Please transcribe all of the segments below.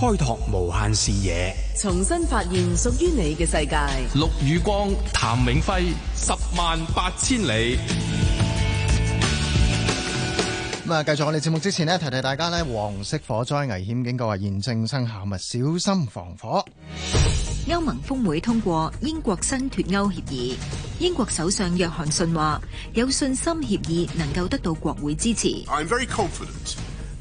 開拓無限視野，重新發現屬於你嘅世界。陸宇光、譚永輝，十萬八千里。咁啊，繼續我哋節目之前咧，提提大家咧，黃色火災危險警告係現正生效，物小心防火。歐盟峰會通過英國新脫歐協議，英國首相約翰遜話有信心協議能夠得到國會支持。I am very confident.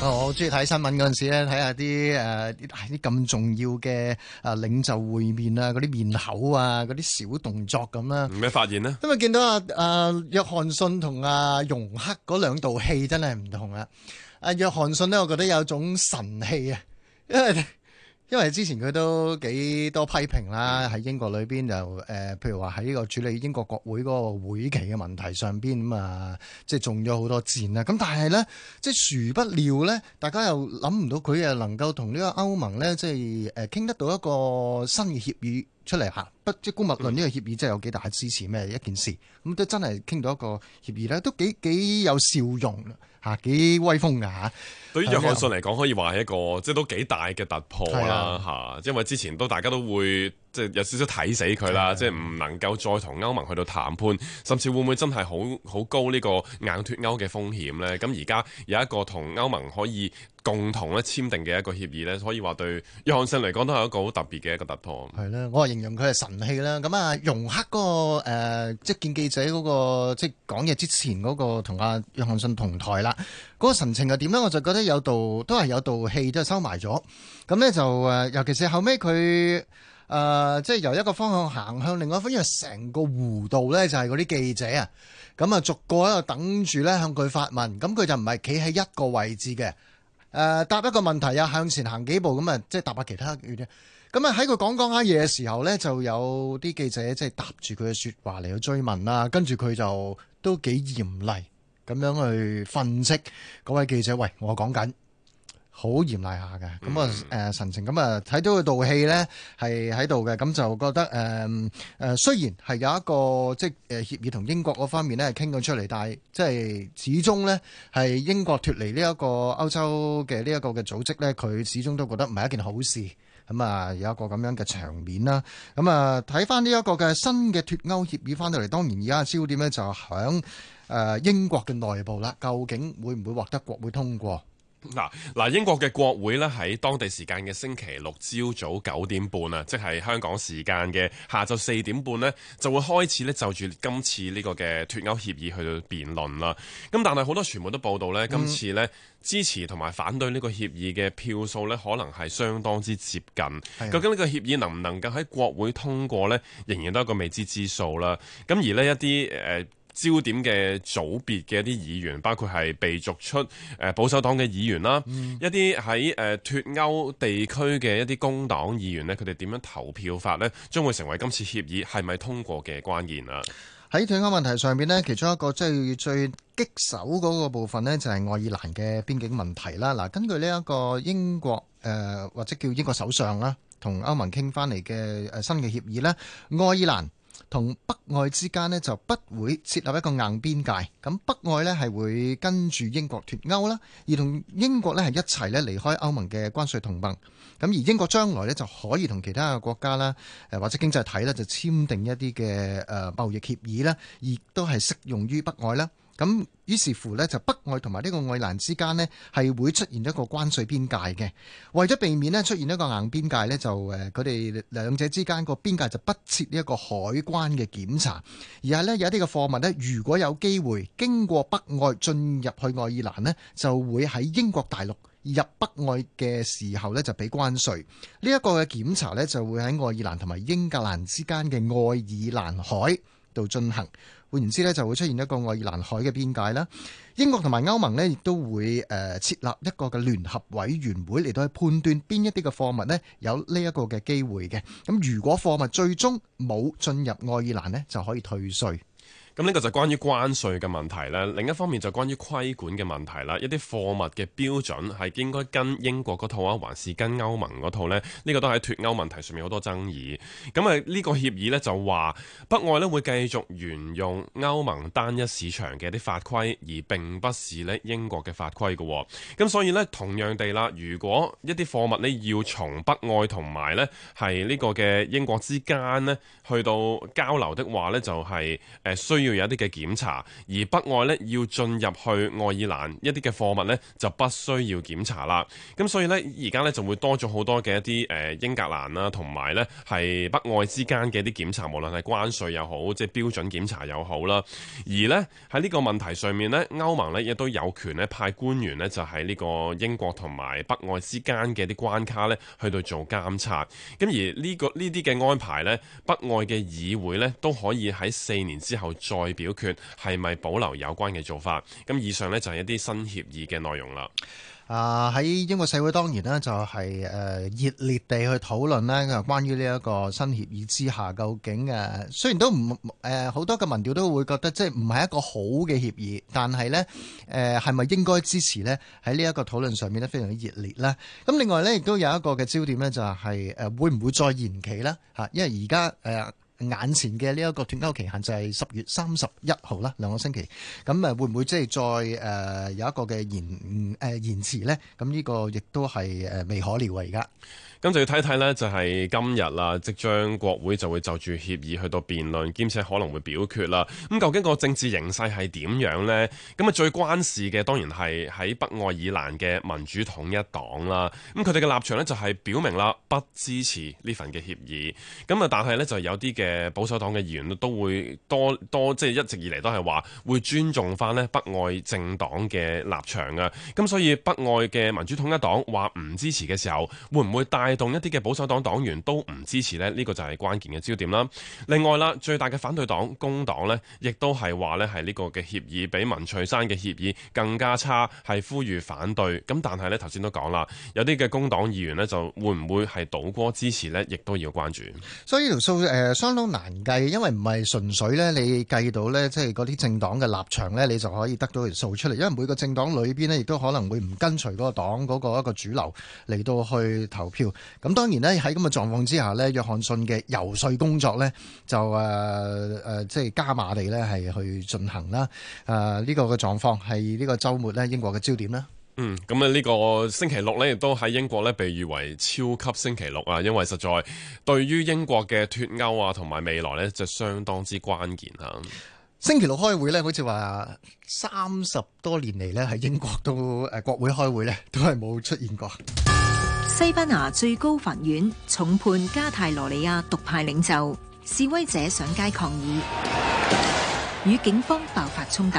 哦、我好中意睇新聞嗰陣時咧，睇下啲誒啲咁重要嘅誒領袖會面啊，嗰啲面口啊，嗰啲小動作咁啦。有咩發現呢？今日見到阿阿、呃、約翰遜同阿容克嗰兩道戲真係唔同啊！阿約翰遜咧，我覺得有種神氣啊。因為 因為之前佢都幾多批評啦，喺英國裏邊就誒，譬如話喺呢個處理英國國會嗰個會期嘅問題上邊咁啊，即係中咗好多戰啦。咁但係咧，即係殊不料咧，大家又諗唔到佢誒能夠同呢個歐盟咧，即係誒傾得到一個新嘅協議出嚟嚇。不即係姑勿論呢個協議真，真係有幾大支持咩一件事？咁、嗯、都真係傾到一個協議咧，都幾幾有笑容吓幾威風噶吓！對於約翰遜嚟講，可以話係一個、嗯、即係都幾大嘅突破啦吓，的因為之前都大家都會。即係有少少睇死佢啦，即係唔能夠再同歐盟去到談判，甚至會唔會真係好好高呢個硬脱歐嘅風險呢？咁而家有一個同歐盟可以共同咧簽訂嘅一個協議呢，可以話對約翰遜嚟講都係一個好特別嘅一個突破。係啦，我係形容佢係神器啦。咁啊，容克嗰、那個、呃、即見見記者嗰、那個，即係講嘢之前嗰、那個同阿約翰遜同台啦，嗰、那個神情係點呢？我就覺得有道都係有道氣都係收埋咗。咁呢就、呃、尤其是後尾佢。誒、呃，即係由一個方向行向另外一個方向，因為成個弧度咧就係嗰啲記者啊，咁啊逐個喺度等住咧向佢發問，咁佢就唔係企喺一個位置嘅，誒、呃、答一個問題啊，向前行幾步咁啊，即係答下其他嘅嘢。咁啊喺佢講講下嘢嘅時候咧，就有啲記者即係答住佢嘅説話嚟到追問啦，跟住佢就都幾嚴厲咁樣去分析訓斥嗰位記者，喂，我講緊。好嚴厲下嘅，咁啊誒神情，咁啊睇到個道氣咧係喺度嘅，咁就覺得誒誒雖然係有一個即係誒協議同英國嗰方面咧係傾咗出嚟，但係即係始終咧係英國脱離呢一個歐洲嘅呢一個嘅組織咧，佢始終都覺得唔係一件好事。咁啊有一個咁樣嘅場面啦，咁啊睇翻呢一個嘅新嘅脱歐協議翻到嚟，當然而家嘅焦點咧就係響誒英國嘅內部啦，究竟會唔會獲得國會通過？嗱嗱，英國嘅國會呢，喺當地時間嘅星期六朝早九點半啊，即係香港時間嘅下晝四點半呢，就會開始呢，就住今次呢個嘅脱歐協議去到辯論啦。咁但係好多傳媒都報道呢，今次呢，支持同埋反對呢個協議嘅票數呢，可能係相當之接近。究竟呢個協議能唔能夠喺國會通過呢？仍然都係一個未知之數啦。咁而呢一啲誒。呃焦點嘅組別嘅一啲議員，包括係被逐出誒保守黨嘅議員啦，嗯、一啲喺誒脫歐地區嘅一啲工黨議員呢，佢哋點樣投票法呢，將會成為今次協議係咪通過嘅關鍵啦。喺脫歐問題上邊呢，其中一個即係最棘手嗰個部分呢，就係愛爾蘭嘅邊境問題啦。嗱，根據呢一個英國誒、呃、或者叫英國首相啦，同歐盟傾翻嚟嘅誒新嘅協議呢，愛爾蘭。同北愛之間呢，就不會設立一個硬邊界，咁北愛呢，係會跟住英國脱歐啦，而同英國呢，係一齊呢離開歐盟嘅關稅同盟，咁而英國將來呢，就可以同其他嘅國家啦，誒或者經濟體呢，就簽訂一啲嘅誒貿易協議啦，亦都係適用於北愛啦。咁於是乎咧，就北愛同埋呢個愛爾蘭之間呢，係會出現一個關稅邊界嘅。為咗避免呢出現一個硬邊界呢，就誒佢哋兩者之間個邊界就不設呢一個海關嘅檢查，而係呢，有啲嘅貨物呢，如果有機會經過北愛進入去愛爾蘭呢，就會喺英國大陸入北愛嘅時候呢，就俾關稅。呢一個嘅檢查呢，就會喺愛爾蘭同埋英格蘭之間嘅愛爾蘭海度進行。換言之咧，就會出現一個愛爾蘭海嘅邊界啦。英國同埋歐盟咧，亦都會誒設立一個嘅聯合委員會嚟到去判斷邊一啲嘅貨物咧，有呢一個嘅機會嘅。咁如果貨物最終冇進入愛爾蘭咧，就可以退稅。咁呢個就關於關稅嘅問題咧，另一方面就關於規管嘅問題啦。一啲貨物嘅標準係應該跟英國嗰套啊，還是跟歐盟嗰套咧？呢、這個都係脫歐問題上面好多爭議，咁、這、啊、個，呢個協議咧就話北愛咧會繼續沿用歐盟單一市場嘅一啲法規，而並不是咧英國嘅法規嘅。咁所以咧，同樣地啦，如果一啲貨物咧要從北愛同埋咧係呢個嘅英國之間咧去到交流的話咧，就係、是、誒需要。要有啲嘅檢查，而北愛呢要進入去愛爾蘭一啲嘅貨物呢就不需要檢查啦。咁所以呢，而家呢就會多咗好多嘅一啲誒、呃、英格蘭啦、啊，同埋呢係北愛之間嘅一啲檢查，無論係關稅又好，即係標準檢查又好啦。而呢喺呢個問題上面呢，歐盟呢亦都有權呢派官員呢就喺呢個英國同埋北愛之間嘅啲關卡呢去到做監察。咁而呢、呢個呢啲嘅安排呢，北愛嘅議會呢都可以喺四年之後再。代表權係咪保留有關嘅做法？咁以上呢，就係一啲新協議嘅內容啦、呃。啊，喺英國社會當然呢，就係誒熱烈地去討論呢關於呢一個新協議之下，究竟誒雖然都唔誒好多嘅民調都會覺得即係唔係一個好嘅協議，但係呢誒係咪應該支持呢喺呢一個討論上面呢，非常之熱烈呢？咁另外呢，亦都有一個嘅焦點呢，就係誒會唔會再延期呢？嚇，因為而家誒。呃眼前嘅呢一個斷交期限就係十月三十一號啦，兩個星期。咁啊，會唔會即係再誒有一個嘅延誒、呃、延遲咧？咁呢個亦都係誒未可料啊！而家，咁就要睇睇咧，就係今日啦，即將國會就會就住協議去到辯論兼且可能會表決啦。咁究竟個政治形勢係點樣咧？咁啊，最關事嘅當然係喺北愛爾蘭嘅民主統一黨啦。咁佢哋嘅立場咧，就係表明啦，不支持呢份嘅協議，咁啊，但係咧，就有啲嘅。誒保守黨嘅議員都會多多，即係一直以嚟都係話會尊重翻咧北愛政黨嘅立場啊，咁所以北愛嘅民主統一黨話唔支持嘅時候，會唔會帶動一啲嘅保守黨黨員都唔支持呢？呢、呢個就係關鍵嘅焦點啦。另外啦，最大嘅反對黨工黨呢，亦都係話呢係呢個嘅協議比文翠珊嘅協議更加差，係呼籲反對。咁但係呢，頭先都講啦，有啲嘅工黨議員呢，就會唔會係倒戈支持呢？亦都要關注。所以條數誒都難計，因為唔係純粹咧，你計到咧，即係嗰啲政黨嘅立場咧，你就可以得到條數出嚟。因為每個政黨裏邊咧，亦都可能會唔跟隨嗰個黨嗰個一個主流嚟到去投票。咁當然咧，喺咁嘅狀況之下咧，約翰遜嘅游說工作咧，就誒誒，即係加碼地咧係去進行啦。誒、呃，呢個嘅狀況係呢個週末咧，英國嘅焦點啦。嗯，咁啊呢個星期六呢，亦都喺英國呢，被譽為超級星期六啊，因為實在對於英國嘅脫歐啊，同埋未來呢，就相當之關鍵啊。星期六開會呢，好似話三十多年嚟呢，喺英國都誒、呃、國會開會呢，都係冇出現過。西班牙最高法院重判加泰羅尼亞獨派領袖，示威者上街抗議，與警方爆發衝突。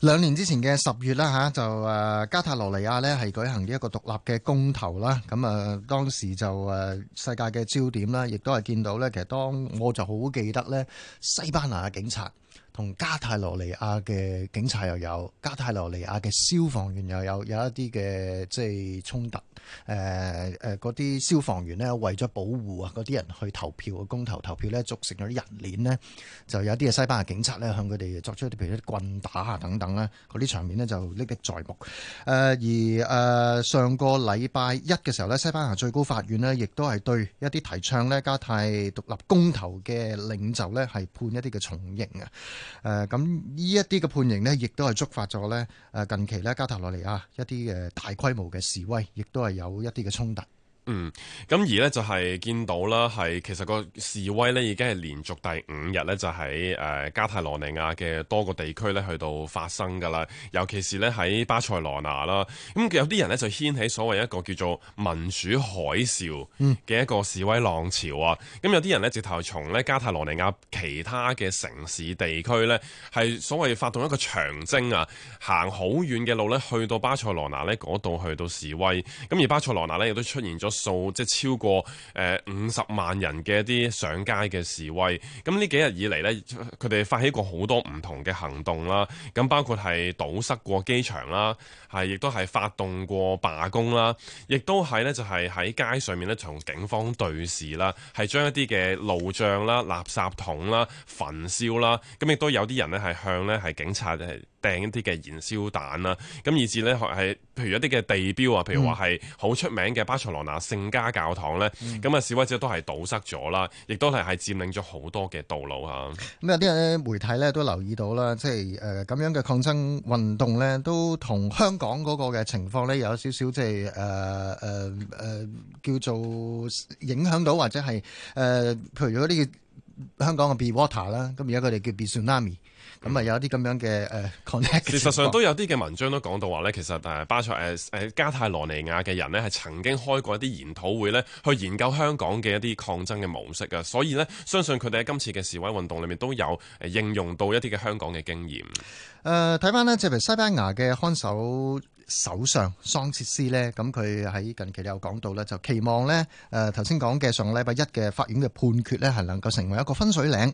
兩年之前嘅十月啦嚇，就誒加泰羅尼亞呢係舉行一個獨立嘅公投啦，咁啊當時就誒世界嘅焦點啦，亦都係見到咧，其實當我就好記得咧，西班牙嘅警察，同加泰羅尼亞嘅警察，又有加泰羅尼亞嘅消防員，又有有一啲嘅即係衝突，誒嗰啲消防員呢為咗保護啊嗰啲人去投票嘅公投投票咧，組成咗啲人鏈呢，就有一啲嘅西班牙警察咧向佢哋作出一啲譬如啲棍打啊等等咧，嗰啲場面呢就歷歷在目。誒、呃、而誒、呃、上個禮拜一嘅時候咧，西班牙最高法院呢亦都係對一啲提倡呢加泰獨立公投嘅領袖呢係判一啲嘅重刑啊！誒，咁呢一啲嘅判刑呢，亦都係觸發咗咧，誒近期咧加泰羅尼亞一啲嘅大規模嘅示威，亦都係有一啲嘅衝突。嗯，咁而咧就係見到啦，係其實個示威咧已經係連續第五日咧，就喺誒加泰羅尼亞嘅多個地區咧去到發生㗎啦。尤其是咧喺巴塞羅那啦，咁有啲人咧就掀起所謂一個叫做民主海嘯嘅一個示威浪潮啊。咁、嗯、有啲人咧直頭從咧加泰羅尼亞其他嘅城市地區咧，係所謂發動一個長征啊，行好遠嘅路咧，去到巴塞羅那咧嗰度去到示威。咁而巴塞羅那咧亦都出現咗。數即係超過誒五十萬人嘅一啲上街嘅示威，咁呢幾日以嚟呢佢哋發起過好多唔同嘅行動啦，咁包括係堵塞過機場啦，係亦都係發動過罷工啦，亦都係呢就係、是、喺街上面呢同警方對峙啦，係將一啲嘅路障啦、垃圾桶啦、焚燒啦，咁亦都有啲人呢係向呢係警察係一啲嘅燃燒彈啦，咁以至呢，譬如一啲嘅地標啊，譬如話係好出名嘅巴塞羅那聖家教堂呢，咁啊示威者都係堵塞咗啦，亦都係係佔領咗好多嘅道路嚇。咁有啲人媒體呢都留意到啦，即係誒咁樣嘅抗爭運動呢，都同香港嗰個嘅情況呢有少少即係誒誒誒叫做影響到或者係、呃、譬如嗰啲香港嘅 be water 啦，咁而家佢哋叫 be tsunami。咁啊，嗯、有一啲咁樣嘅誒 connect。事實上都有啲嘅文章都講到話咧，其實誒巴塞誒誒、呃、加泰羅尼亞嘅人呢，係曾經開過一啲研討會咧，去研究香港嘅一啲抗爭嘅模式㗎，所以呢，相信佢哋喺今次嘅示威運動裏面都有誒應用到一啲嘅香港嘅經驗。誒、呃，睇翻呢，即係西班牙嘅看守首相桑切斯呢，咁佢喺近期咧有講到咧，就期望呢，誒頭先講嘅上個禮拜一嘅法院嘅判決呢，係能夠成為一個分水嶺，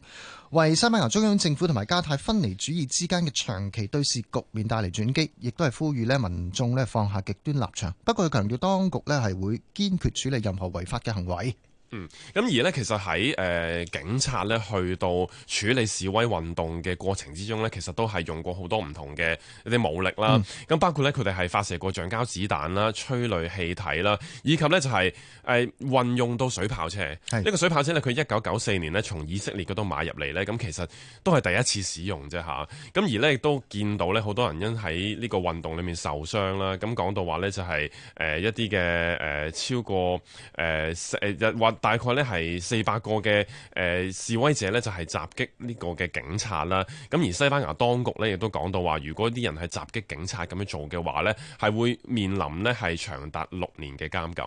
為西班牙中央政府同埋加泰分離主義之間嘅長期對峙局面帶嚟轉機，亦都係呼籲呢民眾呢放下極端立場。不過，佢強調當局呢，係會堅決處理任何違法嘅行為。嗯，咁而呢，其實喺誒、呃、警察呢去到處理示威運動嘅過程之中呢，其實都係用過好多唔同嘅一啲武力啦。咁、嗯、包括呢，佢哋係發射過橡膠子彈啦、催淚氣體啦，以及呢就係、是、誒、呃、運用到水炮車。呢個水炮車呢，佢一九九四年呢從以色列嗰度買入嚟呢，咁其實都係第一次使用啫，下咁而呢，亦都見到呢，好多人因喺呢個運動裏面受傷啦。咁、啊、講到話呢，就係、是呃、一啲嘅誒超過誒、呃呃大概呢係四百個嘅誒示威者呢，就係襲擊呢個嘅警察啦。咁而西班牙當局呢，亦都講到話，如果啲人係襲擊警察咁樣做嘅話呢，係會面臨呢係長達六年嘅監禁。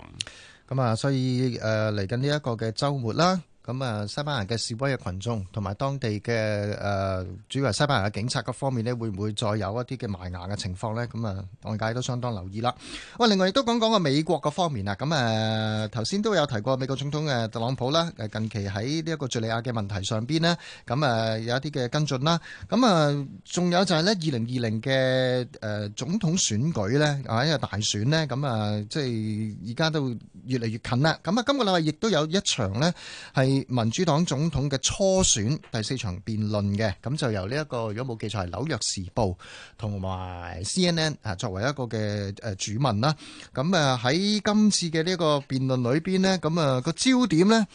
咁啊、嗯，所以誒嚟緊呢一個嘅週末啦。咁啊，西班牙嘅示威嘅群眾同埋當地嘅誒，主要係西班牙嘅警察嘅方面咧，會唔會再有一啲嘅埋牙嘅情況咧？咁啊，外界都相當留意啦。喂，另外亦都講講個美國嘅方面啊。咁誒，頭先都有提過美國總統嘅特朗普啦，誒近期喺呢一個敘利亞嘅問題上邊咧，咁啊，有一啲嘅跟進啦。咁啊，仲有就係咧二零二零嘅誒總統選舉咧，啊一個大選咧，咁啊，即係而家都越嚟越近啦。咁啊，今個禮拜亦都有一場咧係。民主黨總統嘅初選第四場辯論嘅，咁就由呢、這、一個，如果冇記錯係紐約時報同埋 CNN 啊，作為一個嘅誒主文啦。咁啊喺今次嘅呢個辯論裏邊咧，咁、那、啊個焦點咧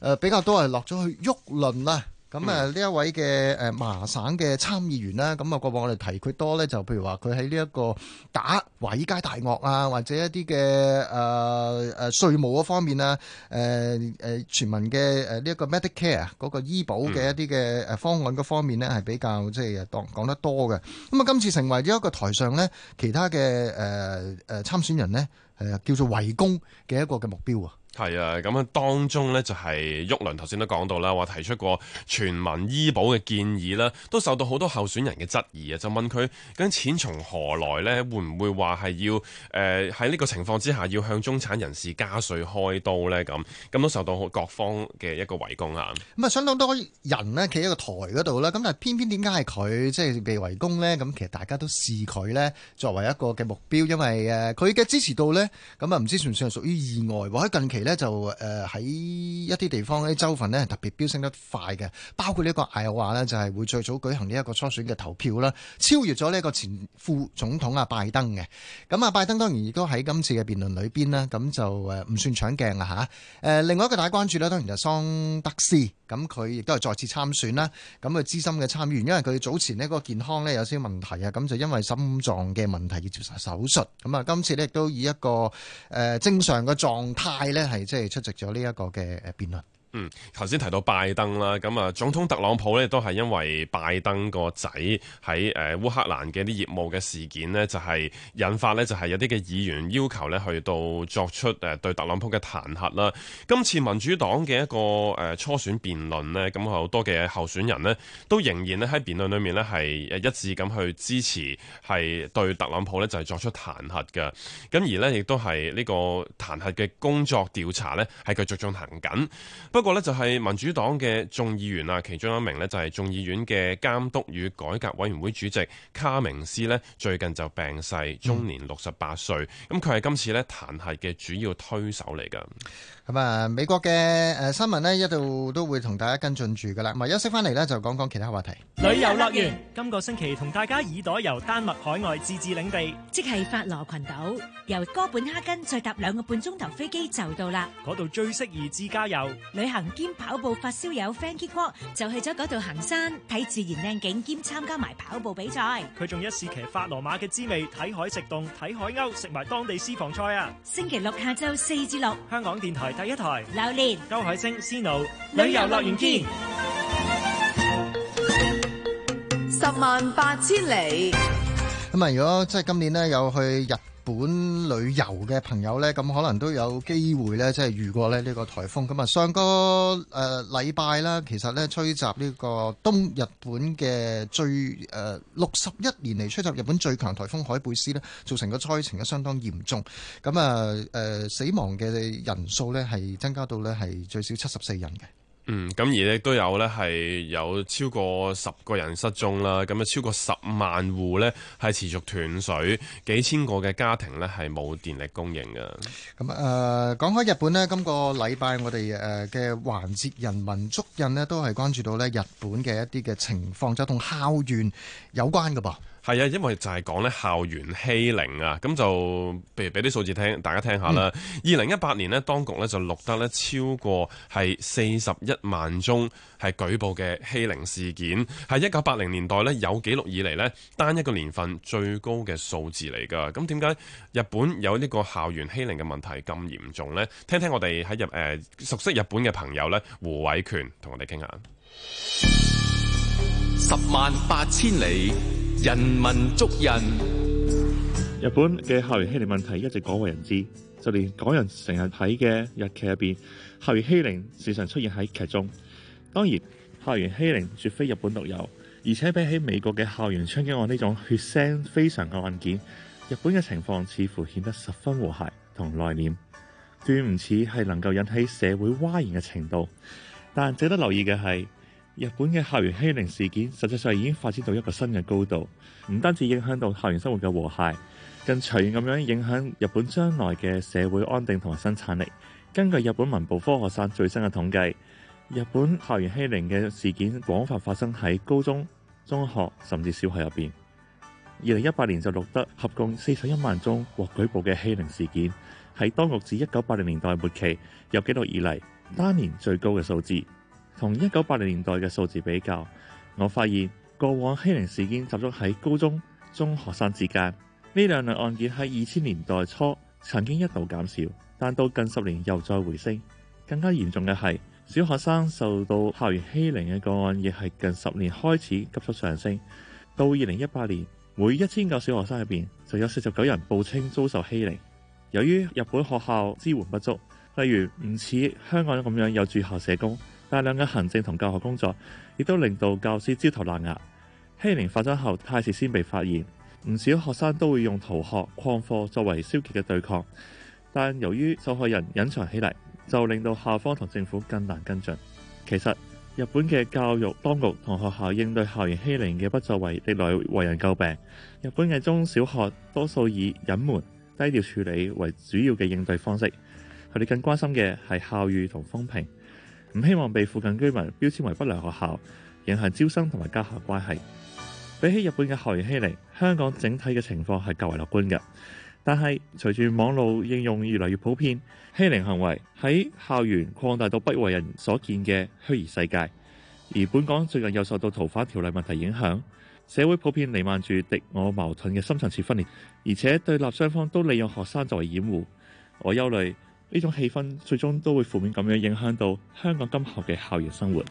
誒比較多係落咗去沃倫啦。咁啊，呢、嗯、一位嘅誒麻省嘅參議員啦，咁啊過往我哋提佢多咧，就譬如話佢喺呢一個打華爾街大鱷啊，或者一啲嘅誒誒稅務嗰方面啊，誒誒全民嘅呢一個 Medicare 嗰個醫保嘅一啲嘅方案嗰方面咧，係、嗯、比較即係當講得多嘅。咁啊，今次成為咗一個台上咧，其他嘅誒誒參選人咧。係叫做圍攻嘅一個嘅目標啊。係啊，咁樣當中呢，就係沃倫頭先都講到啦，話提出過全民醫保嘅建議啦，都受到好多候選人嘅質疑啊。就問佢：「究竟錢從何來呢？會唔會話係要誒喺呢個情況之下要向中產人士加稅開刀呢？」咁咁都受到各方嘅一個圍攻啊。咁啊，相當多人呢企喺個台嗰度啦。咁但係偏偏點解係佢即係被圍攻呢？咁其實大家都視佢呢作為一個嘅目標，因為誒佢嘅支持度呢。咁啊，唔知算唔算係屬於意外喎？喺近期呢，就喺一啲地方啲州份呢特別飆升得快嘅，包括呢一個艾奧華呢，就係會最早舉行呢一個初選嘅投票啦，超越咗呢個前副總統啊拜登嘅。咁啊拜登當然亦都喺今次嘅辯論裏邊啦，咁就誒唔算搶鏡啊吓，另外一個大關注呢，當然就桑德斯，咁佢亦都係再次參選啦。咁佢資深嘅參議員，因為佢早前呢個健康呢有啲問題啊，咁就因為心臟嘅問題要接受手術，咁啊今次呢亦都以一個個誒正常嘅狀態咧，係即係出席咗呢一個嘅誒辯論。嗯，頭先提到拜登啦，咁啊，總統特朗普呢都係因為拜登個仔喺烏克蘭嘅啲業務嘅事件呢，就係引發呢就係有啲嘅議員要求呢去到作出誒對特朗普嘅彈劾啦。今次民主黨嘅一個初選辯論呢，咁好多嘅候選人呢都仍然呢喺辯論裏面呢係一致咁去支持係對特朗普呢就係作出彈劾嘅。咁而呢，亦都係呢個彈劾嘅工作調查呢，係繼續進行緊。不過咧就係民主黨嘅眾議員啊，其中一名呢就係眾議院嘅監督與改革委員會主席卡明斯呢最近就病逝，終年六十八歲。咁佢係今次咧彈劾嘅主要推手嚟噶。咁啊、嗯，美國嘅誒、呃、新聞呢一度都會同大家跟進住噶啦，同、嗯、啊，休息翻嚟呢就講講其他話題。旅遊樂園，嗯、今個星期同大家耳朵遊丹麥海外自治領地，即係法羅群島，由哥本哈根再搭兩個半鐘頭飛機就到啦。嗰度最適宜自駕遊。行兼跑步發燒友 Fan Kiko 就去咗嗰度行山睇自然靚景兼參加埋跑步比賽，佢仲一試騎法羅馬嘅滋味，睇海蝕洞睇海鷗，食埋當地私房菜啊！星期六下晝四至六，香港電台第一台，劉念、高海星、Snow 旅遊樂園堅，十萬八千里。咁啊，如果即係今年咧，有去日。日本旅遊嘅朋友呢，咁可能都有機會呢，即係遇過呢個颱風咁啊！上個禮拜啦，其實呢，吹襲呢個東日本嘅最誒六十一年嚟吹襲日本最強颱風海貝斯呢，造成個災情相當嚴重。咁啊死亡嘅人數呢，係增加到呢，係最少七十四人嘅。嗯，咁而亦都有咧，係有超過十個人失蹤啦，咁啊超過十萬戶咧係持續斷水，幾千個嘅家庭咧係冇電力供應嘅。咁誒、嗯呃、講開日本呢，今個禮拜我哋誒嘅環節人文足印呢，都係關注到咧日本嘅一啲嘅情況，就同校園有關㗎噃。係啊，因為就係講咧校園欺凌啊，咁就譬如俾啲數字聽，大家聽下啦。二零一八年呢，當局咧就錄得咧超過係四十一萬宗係舉報嘅欺凌事件，係一九八零年代咧有記錄以嚟呢單一個年份最高嘅數字嚟噶。咁點解日本有呢個校園欺凌嘅問題咁嚴重呢？聽聽我哋喺日誒熟悉日本嘅朋友咧，胡偉權同我哋傾下。十萬八千里。人文足印。日本嘅校園欺凌問題一直廣為人知，就連港人成日睇嘅日劇入邊，校園欺凌時常出現喺劇中。當然，校園欺凌絕非日本獨有，而且比起美國嘅校園槍擊案呢種血腥非常嘅案件，日本嘅情況似乎顯得十分和諧同內斂，斷唔似係能夠引起社會嘩然嘅程度。但值得留意嘅係。日本嘅校園欺凌事件，實際上已經發展到一個新嘅高度，唔單止影響到校園生活嘅和諧，更隨意咁樣影響日本將來嘅社會安定同埋生產力。根據日本文部科學省最新嘅統計，日本校園欺凌嘅事件廣泛發生喺高中、中學甚至小學入邊。二零一八年就錄得合共四十一萬宗獲舉報嘅欺凌事件，係當局自一九八零年代末期有記錄以嚟單年最高嘅數字。同一九八零年代嘅數字比較，我發現過往欺凌事件集中喺高中中學生之間。呢兩類案件喺二千年代初曾經一度減少，但到近十年又再回升。更加嚴重嘅係，小學生受到校園欺凌嘅個案亦係近十年開始急速上升。到二零一八年，每一千個小學生入邊就有四十九人報稱遭受欺凌。由於日本學校支援不足，例如唔似香港咁樣有住校社工。大量嘅行政同教學工作，亦都令到教師焦頭爛額，欺凌發生後太遲先被發現，唔少學生都會用逃學、曠課作為消極嘅對抗。但由於受害人隱藏起嚟，就令到校方同政府更難跟進。其實日本嘅教育當局同學校應對校園欺凌嘅不作為歷來為人詬病。日本嘅中小學多數以隱瞞低調處理為主要嘅應對方式，佢哋更關心嘅係校譽同風評。唔希望被附近居民標籤為不良學校，影響招生同埋家校關係。比起日本嘅校園欺凌，香港整體嘅情況係較為樂觀嘅。但係隨住網路應用越來越普遍，欺凌行為喺校園擴大到不為人所見嘅虛擬世界。而本港最近又受到逃犯條例問題影響，社會普遍瀰漫住敵我矛盾嘅深層次分裂，而且對立雙方都利用學生作為掩護。我憂慮。呢種氣氛最終都會負面咁樣影響到香港今後嘅校園生活。